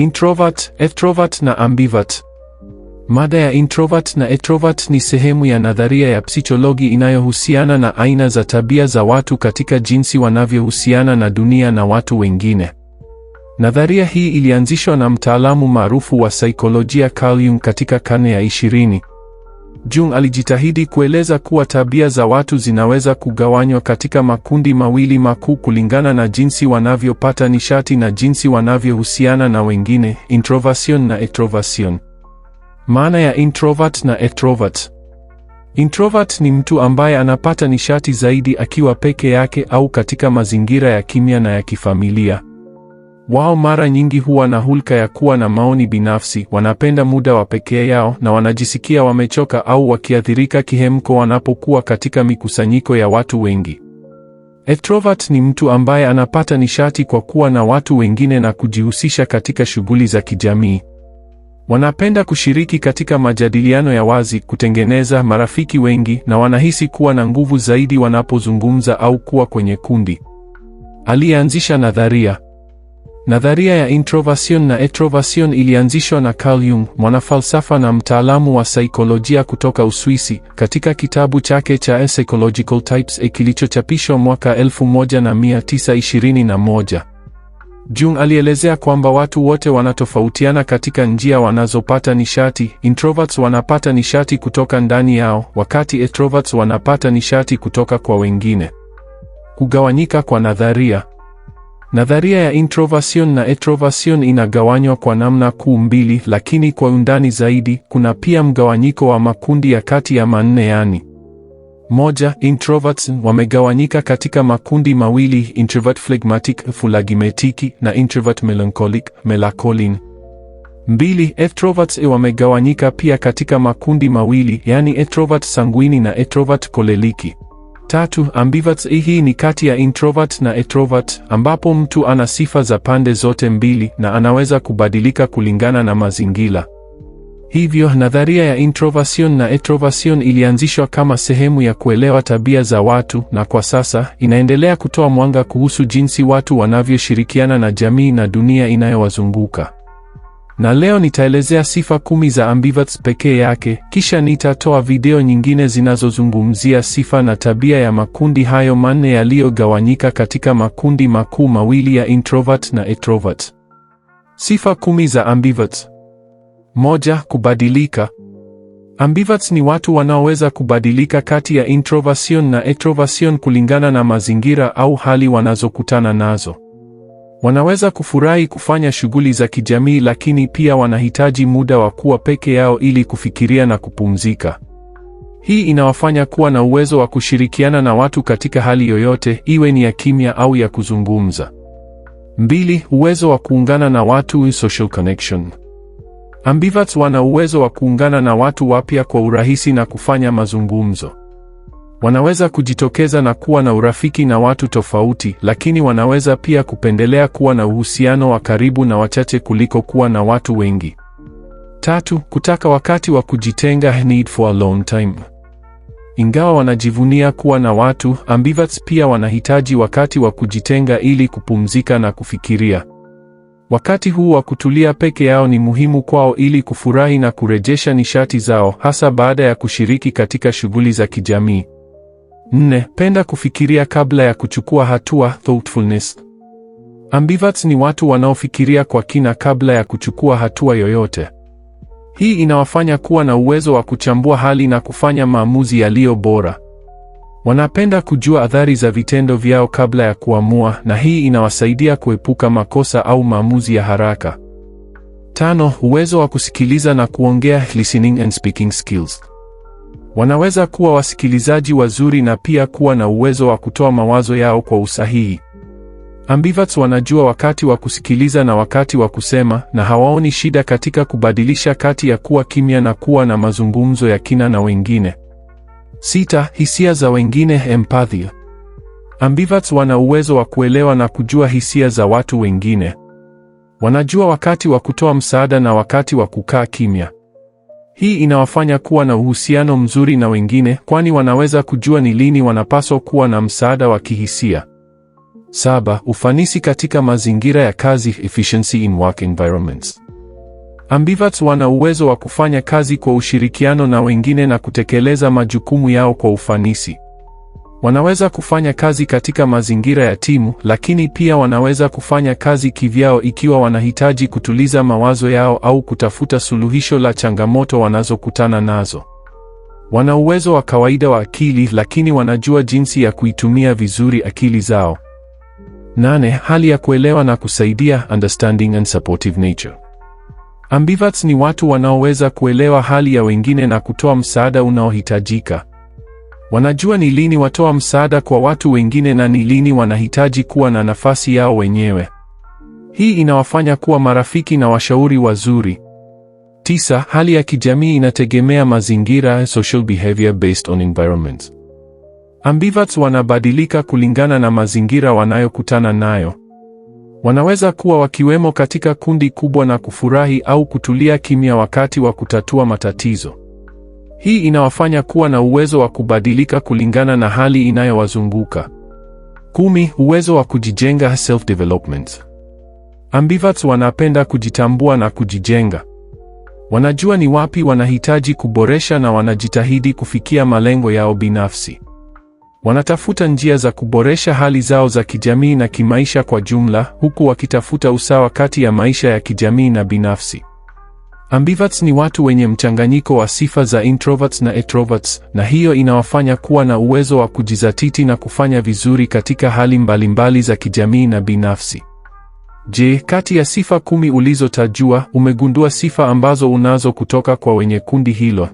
Introvert, extrovert na ambivert. Mada ya introvert na extrovert ni sehemu ya nadharia ya psichologi inayohusiana na aina za tabia za watu katika jinsi wanavyohusiana na dunia na watu wengine. Nadharia hii ilianzishwa na mtaalamu maarufu wa saikolojia Carl Jung katika karne ya ishirini. Jung alijitahidi kueleza kuwa tabia za watu zinaweza kugawanywa katika makundi mawili makuu kulingana na jinsi wanavyopata nishati na jinsi wanavyohusiana na wengine, introversion na extroversion. Maana ya introvert na extrovert. Introvert ni mtu ambaye anapata nishati zaidi akiwa peke yake au katika mazingira ya kimya na ya kifamilia. Wao mara nyingi huwa na hulka ya kuwa na maoni binafsi, wanapenda muda wa pekee yao na wanajisikia wamechoka au wakiathirika kihemko wanapokuwa katika mikusanyiko ya watu wengi. Extrovert ni mtu ambaye anapata nishati kwa kuwa na watu wengine na kujihusisha katika shughuli za kijamii. Wanapenda kushiriki katika majadiliano ya wazi, kutengeneza marafiki wengi na wanahisi kuwa na nguvu zaidi wanapozungumza au kuwa kwenye kundi. Alianzisha nadharia Nadharia ya introversion na extroversion ilianzishwa na Carl Jung, mwanafalsafa na mtaalamu wa saikolojia kutoka Uswisi, katika kitabu chake cha A Psychological Types kilichochapishwa mwaka 1921. Jung alielezea kwamba watu wote wanatofautiana katika njia wanazopata nishati. Introverts wanapata nishati kutoka ndani yao, wakati extroverts wanapata nishati kutoka kwa wengine. Kugawanyika kwa nadharia Nadharia ya introversion na extroversion inagawanywa kwa namna kuu mbili, lakini kwa undani zaidi kuna pia mgawanyiko wa makundi ya kati ya manne yani. Moja, introverts wamegawanyika katika makundi mawili, introvert phlegmatic phlegmatiki na introvert melancholic melancholine. Mbili, extroverts wamegawanyika pia katika makundi mawili, yani extrovert sanguini na extrovert koleliki. Tatu, ambivats Hii ni kati ya introvert na extrovert, ambapo mtu ana sifa za pande zote mbili na anaweza kubadilika kulingana na mazingira. Hivyo nadharia ya introversion na extroversion ilianzishwa kama sehemu ya kuelewa tabia za watu na kwa sasa inaendelea kutoa mwanga kuhusu jinsi watu wanavyoshirikiana na jamii na dunia inayowazunguka na leo nitaelezea sifa kumi za ambiverts pekee yake, kisha nitatoa video nyingine zinazozungumzia sifa na tabia ya makundi hayo manne yaliyogawanyika katika makundi makuu mawili ya introvert na extrovert. Sifa kumi za ambiverts. Moja, kubadilika. Ambiverts ni watu wanaoweza kubadilika kati ya introversion na extroversion kulingana na mazingira au hali wanazokutana nazo. Wanaweza kufurahi kufanya shughuli za kijamii, lakini pia wanahitaji muda wa kuwa peke yao ili kufikiria na kupumzika. Hii inawafanya kuwa na uwezo wa kushirikiana na watu katika hali yoyote, iwe ni ya kimya au ya kuzungumza. Mbili, uwezo wa kuungana na watu, social connection. Ambiverts wana uwezo wa kuungana na watu wapya kwa urahisi na kufanya mazungumzo. Wanaweza kujitokeza na kuwa na urafiki na watu tofauti, lakini wanaweza pia kupendelea kuwa na uhusiano wa karibu na wachache kuliko kuwa na watu wengi. Tatu, kutaka wakati wa kujitenga, need for alone time. Ingawa wanajivunia kuwa na watu, ambiverts pia wanahitaji wakati wa kujitenga ili kupumzika na kufikiria. Wakati huu wa kutulia peke yao ni muhimu kwao ili kufurahi na kurejesha nishati zao, hasa baada ya kushiriki katika shughuli za kijamii. Nne, penda kufikiria kabla ya kuchukua hatua thoughtfulness. Ambiverts ni watu wanaofikiria kwa kina kabla ya kuchukua hatua yoyote. Hii inawafanya kuwa na uwezo wa kuchambua hali na kufanya maamuzi yaliyo bora. Wanapenda kujua athari za vitendo vyao kabla ya kuamua, na hii inawasaidia kuepuka makosa au maamuzi ya haraka. Tano, uwezo wa kusikiliza na kuongea, listening and speaking skills. Wanaweza kuwa wasikilizaji wazuri na pia kuwa na uwezo wa kutoa mawazo yao kwa usahihi. Ambiverts wanajua wakati wa kusikiliza na wakati wa kusema, na hawaoni shida katika kubadilisha kati ya kuwa kimya na kuwa na mazungumzo ya kina na wengine. Sita, hisia za wengine, empathy. Ambiverts wana uwezo wa kuelewa na kujua hisia za watu wengine. Wanajua wakati wa kutoa msaada na wakati wa kukaa kimya. Hii inawafanya kuwa na uhusiano mzuri na wengine, kwani wanaweza kujua ni lini wanapaswa kuwa na msaada wa kihisia. Saba, ufanisi katika mazingira ya kazi, efficiency in work environments. ambivats wana uwezo wa kufanya kazi kwa ushirikiano na wengine na kutekeleza majukumu yao kwa ufanisi. Wanaweza kufanya kazi katika mazingira ya timu, lakini pia wanaweza kufanya kazi kivyao ikiwa wanahitaji kutuliza mawazo yao au kutafuta suluhisho la changamoto wanazokutana nazo. Wana uwezo wa kawaida wa akili, lakini wanajua jinsi ya kuitumia vizuri akili zao. Nane, hali ya kuelewa na kusaidia, understanding and supportive nature. Ambiverts ni watu wanaoweza kuelewa hali ya wengine na kutoa msaada unaohitajika. Wanajua ni lini watoa msaada kwa watu wengine na ni lini wanahitaji kuwa na nafasi yao wenyewe. Hii inawafanya kuwa marafiki na washauri wazuri. Tisa, hali ya kijamii inategemea mazingira, social behavior based on environment. Ambiverts wanabadilika kulingana na mazingira wanayokutana nayo. Wanaweza kuwa wakiwemo katika kundi kubwa na kufurahi au kutulia kimya wakati wa kutatua matatizo. Hii inawafanya kuwa na uwezo wa kubadilika kulingana na hali inayowazunguka. Kumi, uwezo wa kujijenga self development. Ambiverts wanapenda kujitambua na kujijenga. Wanajua ni wapi wanahitaji kuboresha na wanajitahidi kufikia malengo yao binafsi. Wanatafuta njia za kuboresha hali zao za kijamii na kimaisha kwa jumla, huku wakitafuta usawa kati ya maisha ya kijamii na binafsi. Ambiverts ni watu wenye mchanganyiko wa sifa za introverts na extroverts, na hiyo inawafanya kuwa na uwezo wa kujizatiti na kufanya vizuri katika hali mbalimbali za kijamii na binafsi. Je, kati ya sifa kumi ulizotajua, umegundua sifa ambazo unazo kutoka kwa wenye kundi hilo?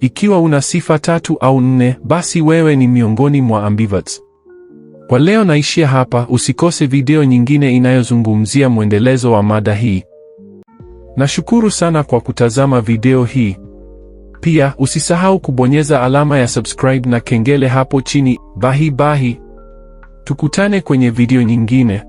Ikiwa una sifa tatu au nne, basi wewe ni miongoni mwa ambiverts. Kwa leo naishia hapa, usikose video nyingine inayozungumzia mwendelezo wa mada hii. Nashukuru sana kwa kutazama video hii. Pia usisahau kubonyeza alama ya subscribe na kengele hapo chini. Bahi bahi. Tukutane kwenye video nyingine.